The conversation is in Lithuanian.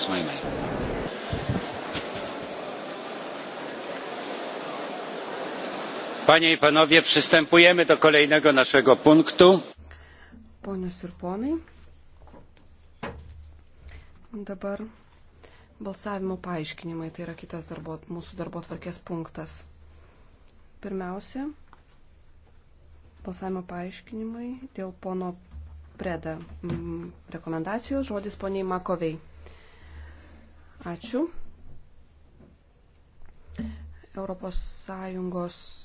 Ismaili. Panie i panowie, przystępujemy do kolejnego naszego punktu. Ponios ir ponai, dabar balsavimo paaiškinimai, tai yra kitas darbo, mūsų darbo tvarkės punktas. Pirmiausia, balsavimo paaiškinimai dėl pono Preda mm, rekomendacijos žodis poniai Makovei. Ačiū. Europos Sąjungos